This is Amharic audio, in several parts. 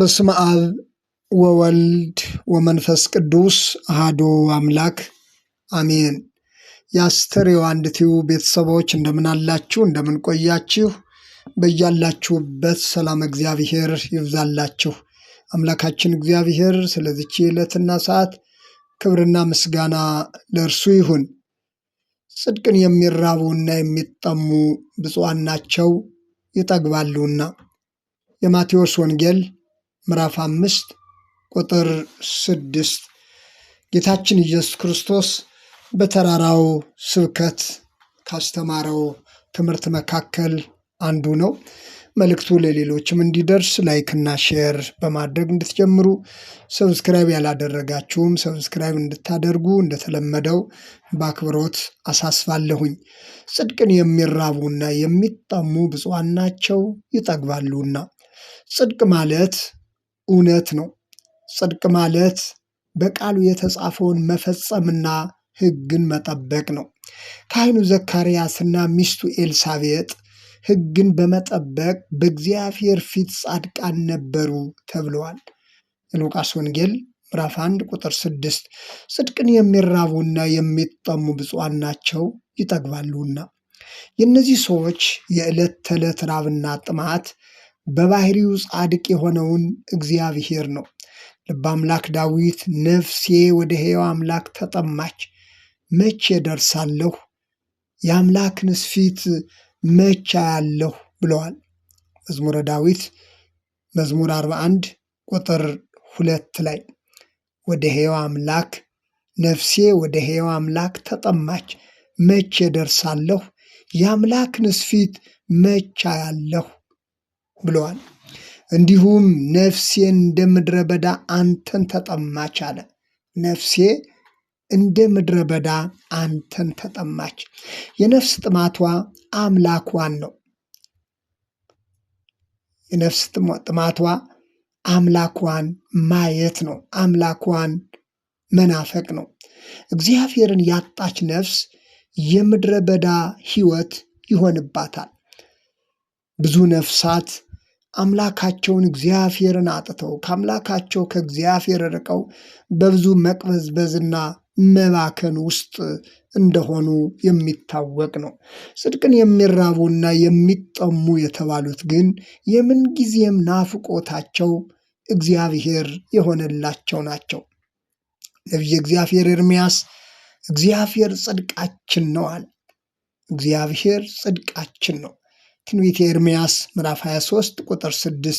በስመ አብ ወወልድ ወመንፈስ ቅዱስ አሐዱ አምላክ አሜን። የአስተርእዮ አንድ ቤተሰቦች እንደምን አላችሁ? እንደምን ቆያችሁ? በያላችሁበት ሰላም እግዚአብሔር ይብዛላችሁ። አምላካችን እግዚአብሔር ስለዚች ዕለትና ሰዓት ክብርና ምስጋና ለእርሱ ይሁን። ጽድቅን የሚራቡና የሚጠሙ ብፁዓን ናቸው ይጠግባሉና። የማቴዎስ ወንጌል ምዕራፍ አምስት ቁጥር ስድስት ጌታችን ኢየሱስ ክርስቶስ በተራራው ስብከት ካስተማረው ትምህርት መካከል አንዱ ነው። መልእክቱ ለሌሎችም እንዲደርስ ላይክና ሼር በማድረግ እንድትጀምሩ፣ ሰብስክራይብ ያላደረጋችሁም ሰብስክራይብ እንድታደርጉ እንደተለመደው በአክብሮት አሳስባለሁኝ። ጽድቅን የሚራቡና የሚጠሙ ብፁዓን ናቸው ይጠግባሉና። ጽድቅ ማለት እውነት ነው። ጽድቅ ማለት በቃሉ የተጻፈውን መፈጸምና ሕግን መጠበቅ ነው። ካህኑ ዘካርያስና ሚስቱ ኤልሳቤጥ ሕግን በመጠበቅ በእግዚአብሔር ፊት ጻድቃን ነበሩ ተብለዋል። የሉቃስ ወንጌል ምዕራፍ 1 ቁጥር 6 ጽድቅን የሚራቡና የሚጠሙ ብፁዓን ናቸው ይጠግባሉና። የእነዚህ ሰዎች የዕለት ተዕለት ራብና ጥማት በባህሪው ጻድቅ የሆነውን እግዚአብሔር ነው። ልበ አምላክ ዳዊት ነፍሴ ወደ ሕያው አምላክ ተጠማች፣ መቼ ደርሳለሁ? የአምላክንስ ፊት መቼ አያለሁ? ብለዋል። መዝሙረ ዳዊት መዝሙር 41 ቁጥር ሁለት ላይ ወደ ሕያው አምላክ ነፍሴ ወደ ሕያው አምላክ ተጠማች፣ መቼ ደርሳለሁ? የአምላክንስ ፊት መቼ አያለሁ? ብለዋል። እንዲሁም ነፍሴ እንደ ምድረ በዳ አንተን ተጠማች አለ። ነፍሴ እንደ ምድረ በዳ አንተን ተጠማች። የነፍስ ጥማቷ አምላኳን ነው። የነፍስ ጥማቷ አምላኳን ማየት ነው። አምላኳን መናፈቅ ነው። እግዚአብሔርን ያጣች ነፍስ የምድረ በዳ ሕይወት ይሆንባታል። ብዙ ነፍሳት አምላካቸውን እግዚአብሔርን አጥተው ከአምላካቸው ከእግዚአብሔር ርቀው በብዙ መቅበዝበዝና መባከን ውስጥ እንደሆኑ የሚታወቅ ነው። ጽድቅን የሚራቡና የሚጠሙ የተባሉት ግን የምንጊዜም ናፍቆታቸው እግዚአብሔር የሆነላቸው ናቸው። ነቢየ እግዚአብሔር ኤርምያስ እግዚአብሔር ጽድቃችን ነው አለ። እግዚአብሔር ጽድቃችን ነው። ትንቢተ ኤርምያስ ምዕራፍ 23 ቁጥር 6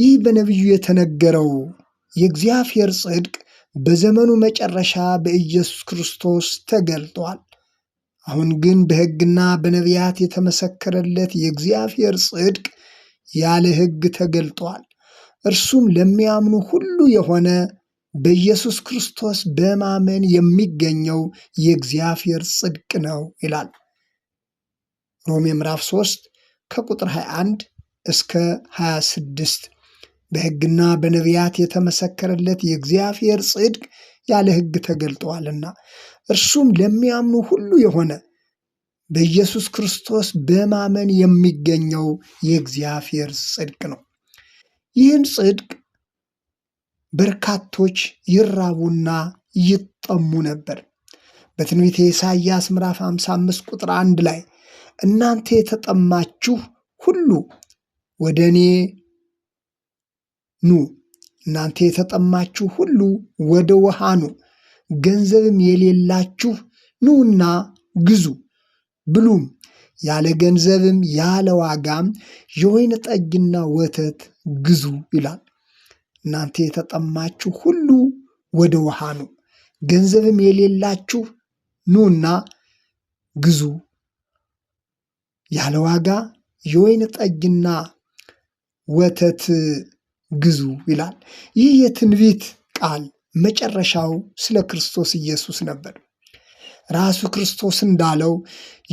ይህ በነቢዩ የተነገረው የእግዚአብሔር ጽድቅ በዘመኑ መጨረሻ በኢየሱስ ክርስቶስ ተገልጧል። አሁን ግን በሕግና በነቢያት የተመሰከረለት የእግዚአብሔር ጽድቅ ያለ ሕግ ተገልጧል። እርሱም ለሚያምኑ ሁሉ የሆነ በኢየሱስ ክርስቶስ በማመን የሚገኘው የእግዚአብሔር ጽድቅ ነው ይላል ሮሜ ምዕራፍ 3 ከቁጥር 21 እስከ 26 በሕግና በነቢያት የተመሰከረለት የእግዚአብሔር ጽድቅ ያለ ሕግ ተገልጠዋልና እርሱም ለሚያምኑ ሁሉ የሆነ በኢየሱስ ክርስቶስ በማመን የሚገኘው የእግዚአብሔር ጽድቅ ነው። ይህን ጽድቅ በርካቶች ይራቡና ይጠሙ ነበር። በትንቢተ ኢሳይያስ ምዕራፍ 55 ቁጥር 1 ላይ እናንተ የተጠማችሁ ሁሉ ወደ እኔ ኑ፣ እናንተ የተጠማችሁ ሁሉ ወደ ውሃ ኑ፣ ገንዘብም የሌላችሁ ኑና ግዙ ብሉም፣ ያለ ገንዘብም ያለ ዋጋም የወይን ጠጅና ወተት ግዙ ይላል። እናንተ የተጠማችሁ ሁሉ ወደ ውሃ ኑ፣ ገንዘብም የሌላችሁ ኑና ግዙ ያለ ዋጋ የወይን ጠጅና ወተት ግዙ ይላል። ይህ የትንቢት ቃል መጨረሻው ስለ ክርስቶስ ኢየሱስ ነበር። ራሱ ክርስቶስ እንዳለው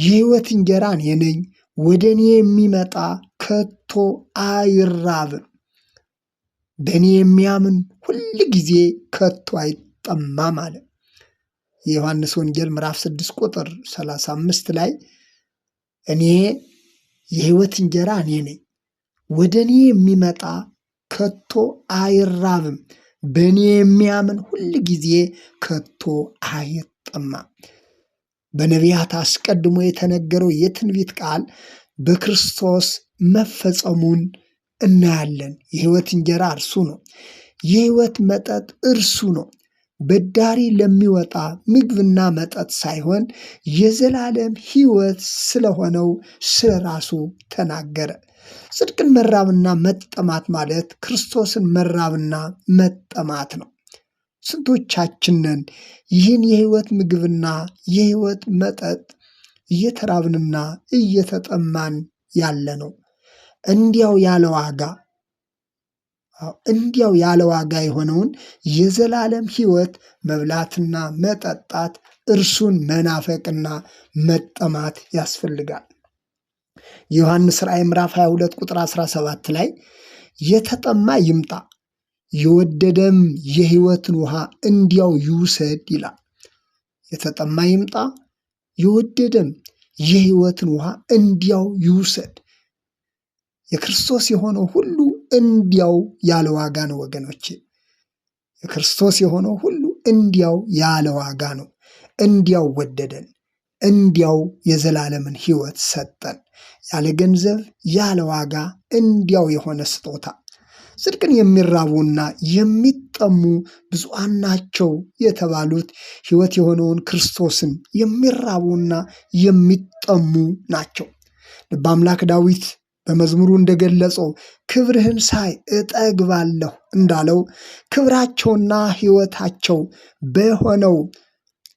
የሕይወት እንጀራ እኔ ነኝ፣ ወደ እኔ የሚመጣ ከቶ አይራብም፣ በእኔ የሚያምን ሁል ጊዜ ከቶ አይጠማም አለ። የዮሐንስ ወንጌል ምዕራፍ 6 ቁጥር 35 ላይ እኔ የህይወት እንጀራ እኔ ነኝ። ወደ እኔ የሚመጣ ከቶ አይራብም፣ በእኔ የሚያምን ሁል ጊዜ ከቶ አይጠማ። በነቢያት አስቀድሞ የተነገረው የትንቢት ቃል በክርስቶስ መፈጸሙን እናያለን። የህይወት እንጀራ እርሱ ነው። የህይወት መጠጥ እርሱ ነው። በዳሪ ለሚወጣ ምግብና መጠጥ ሳይሆን የዘላለም ሕይወት ስለሆነው ስለ ራሱ ተናገረ። ጽድቅን መራብና መጠማት ማለት ክርስቶስን መራብና መጠማት ነው። ስንቶቻችንን ይህን የሕይወት ምግብና የሕይወት መጠጥ እየተራብንና እየተጠማን ያለ ነው እንዲያው ያለ ዋጋ እንዲያው ያለ ዋጋ የሆነውን የዘላለም ሕይወት መብላትና መጠጣት እርሱን መናፈቅና መጠማት ያስፈልጋል። የዮሐንስ ራእይ ምዕራፍ 22 ቁጥር 17 ላይ የተጠማ ይምጣ የወደደም የሕይወትን ውሃ እንዲያው ይውሰድ ይላል። የተጠማ ይምጣ የወደደም የሕይወትን ውሃ እንዲያው ይውሰድ። የክርስቶስ የሆነው ሁሉ እንዲያው ያለ ዋጋ ነው ወገኖች። የክርስቶስ የሆነው ሁሉ እንዲያው ያለ ዋጋ ነው። እንዲያው ወደደን፣ እንዲያው የዘላለምን ሕይወት ሰጠን። ያለ ገንዘብ፣ ያለ ዋጋ፣ እንዲያው የሆነ ስጦታ። ጽድቅን የሚራቡና የሚጠሙ ብዙአን ናቸው የተባሉት ሕይወት የሆነውን ክርስቶስን የሚራቡና የሚጠሙ ናቸው። ልበ አምላክ ዳዊት በመዝሙሩ እንደገለጸው ክብርህን ሳይ እጠግባለሁ እንዳለው ክብራቸውና ሕይወታቸው በሆነው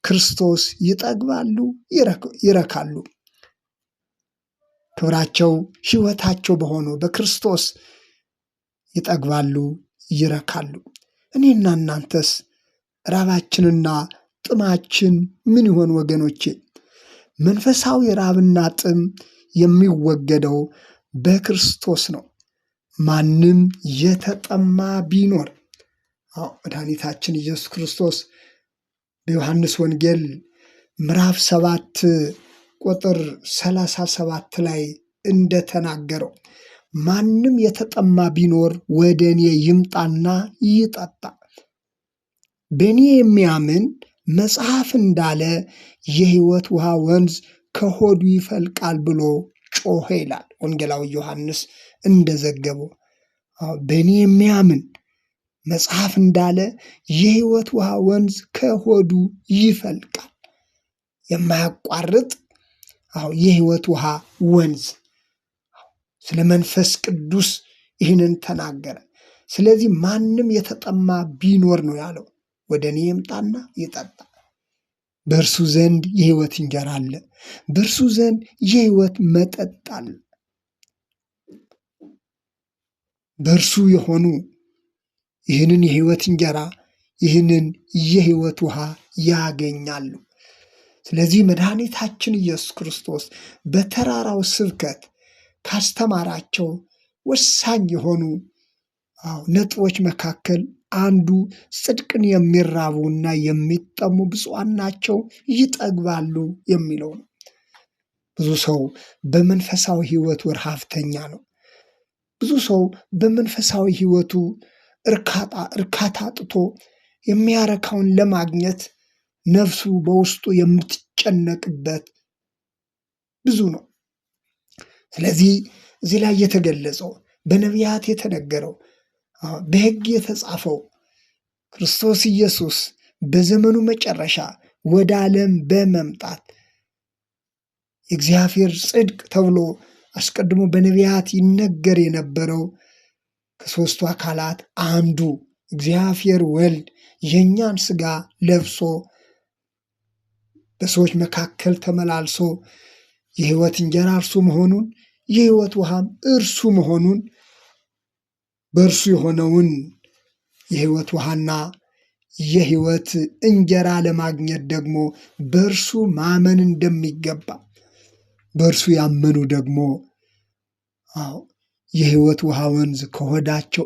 ክርስቶስ ይጠግባሉ፣ ይረካሉ። ክብራቸው ሕይወታቸው በሆነው በክርስቶስ ይጠግባሉ፣ ይረካሉ። እኔና እናንተስ ራባችንና ጥማችን ምን ይሆን ወገኖቼ? መንፈሳዊ ራብና ጥም የሚወገደው በክርስቶስ ነው። ማንም የተጠማ ቢኖር አዎ መድኃኒታችን ኢየሱስ ክርስቶስ በዮሐንስ ወንጌል ምዕራፍ ሰባት ቁጥር ሰላሳ ሰባት ላይ እንደተናገረው ማንም የተጠማ ቢኖር ወደ እኔ ይምጣና ይጠጣ። በእኔ የሚያምን መጽሐፍ እንዳለ የሕይወት ውሃ ወንዝ ከሆዱ ይፈልቃል ብሎ ጮኸ ይላል ወንጌላዊ ዮሐንስ እንደዘገበው። በእኔ የሚያምን መጽሐፍ እንዳለ የህይወት ውሃ ወንዝ ከሆዱ ይፈልቃል። የማያቋርጥ የህይወት ውሃ ወንዝ። ስለ መንፈስ ቅዱስ ይህንን ተናገረ። ስለዚህ ማንም የተጠማ ቢኖር ነው ያለው፣ ወደ እኔ ይምጣና ይጠጣ። በእርሱ ዘንድ የህይወት እንጀራ አለ። በእርሱ ዘንድ የህይወት መጠጥ አለ። በእርሱ የሆኑ ይህንን የህይወት እንጀራ ይህንን የህይወት ውሃ ያገኛሉ። ስለዚህ መድኃኒታችን ኢየሱስ ክርስቶስ በተራራው ስብከት ካስተማራቸው ወሳኝ የሆኑ ነጥቦች መካከል አንዱ ጽድቅን የሚራቡና የሚጠሙ ብፁዓን ናቸው ይጠግባሉ የሚለው ነው። ብዙ ሰው በመንፈሳዊ ወር ሀፍተኛ ነው። ብዙ ሰው በመንፈሳዊ ሕይወቱ እርካታ አጥቶ የሚያረካውን ለማግኘት ነፍሱ በውስጡ የምትጨነቅበት ብዙ ነው። ስለዚህ እዚህ ላይ የተገለጸው በነቢያት የተነገረው በሕግ የተጻፈው ክርስቶስ ኢየሱስ በዘመኑ መጨረሻ ወደ ዓለም በመምጣት የእግዚአብሔር ጽድቅ ተብሎ አስቀድሞ በነቢያት ይነገር የነበረው ከሦስቱ አካላት አንዱ እግዚአብሔር ወልድ የእኛን ሥጋ ለብሶ በሰዎች መካከል ተመላልሶ የሕይወት እንጀራ እርሱ መሆኑን የሕይወት ውሃም እርሱ መሆኑን በእርሱ የሆነውን የህይወት ውሃና የህይወት እንጀራ ለማግኘት ደግሞ በእርሱ ማመን እንደሚገባ በእርሱ ያመኑ ደግሞ አዎ የህይወት ውሃ ወንዝ ከሆዳቸው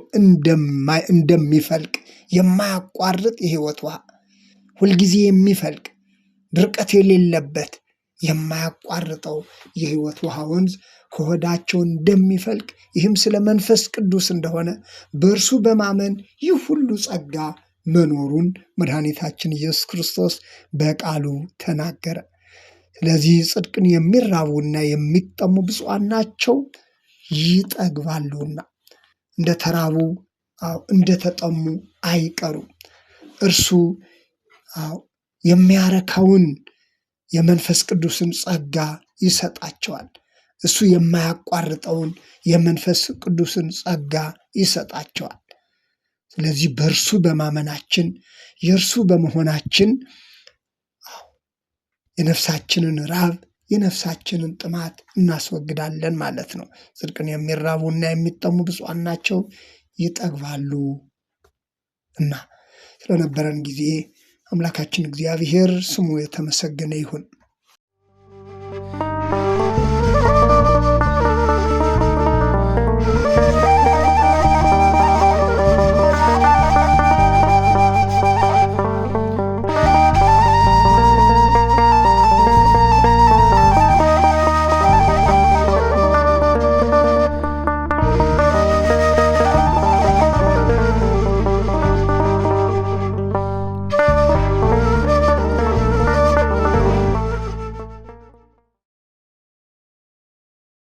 እንደሚፈልቅ የማያቋርጥ የህይወት ውሃ ሁልጊዜ የሚፈልቅ ድርቀት የሌለበት የማያቋርጠው የህይወት ውሃ ወንዝ ከሆዳቸው እንደሚፈልቅ ይህም ስለ መንፈስ ቅዱስ እንደሆነ በእርሱ በማመን ይህ ሁሉ ጸጋ መኖሩን መድኃኒታችን ኢየሱስ ክርስቶስ በቃሉ ተናገረ። ስለዚህ ጽድቅን የሚራቡና የሚጠሙ ብፁዓን ናቸው፣ ይጠግባሉና። እንደተራቡ እንደተጠሙ አይቀሩም። እርሱ የሚያረካውን የመንፈስ ቅዱስን ጸጋ ይሰጣቸዋል። እሱ የማያቋርጠውን የመንፈስ ቅዱስን ጸጋ ይሰጣቸዋል። ስለዚህ በእርሱ በማመናችን የእርሱ በመሆናችን የነፍሳችንን ራብ የነፍሳችንን ጥማት እናስወግዳለን ማለት ነው። ጽድቅን የሚራቡና የሚጠሙ ብፁዓን ናቸው፣ ይጠግባሉ እና ስለነበረን ጊዜ አምላካችን እግዚአብሔር ስሙ የተመሰገነ ይሁን።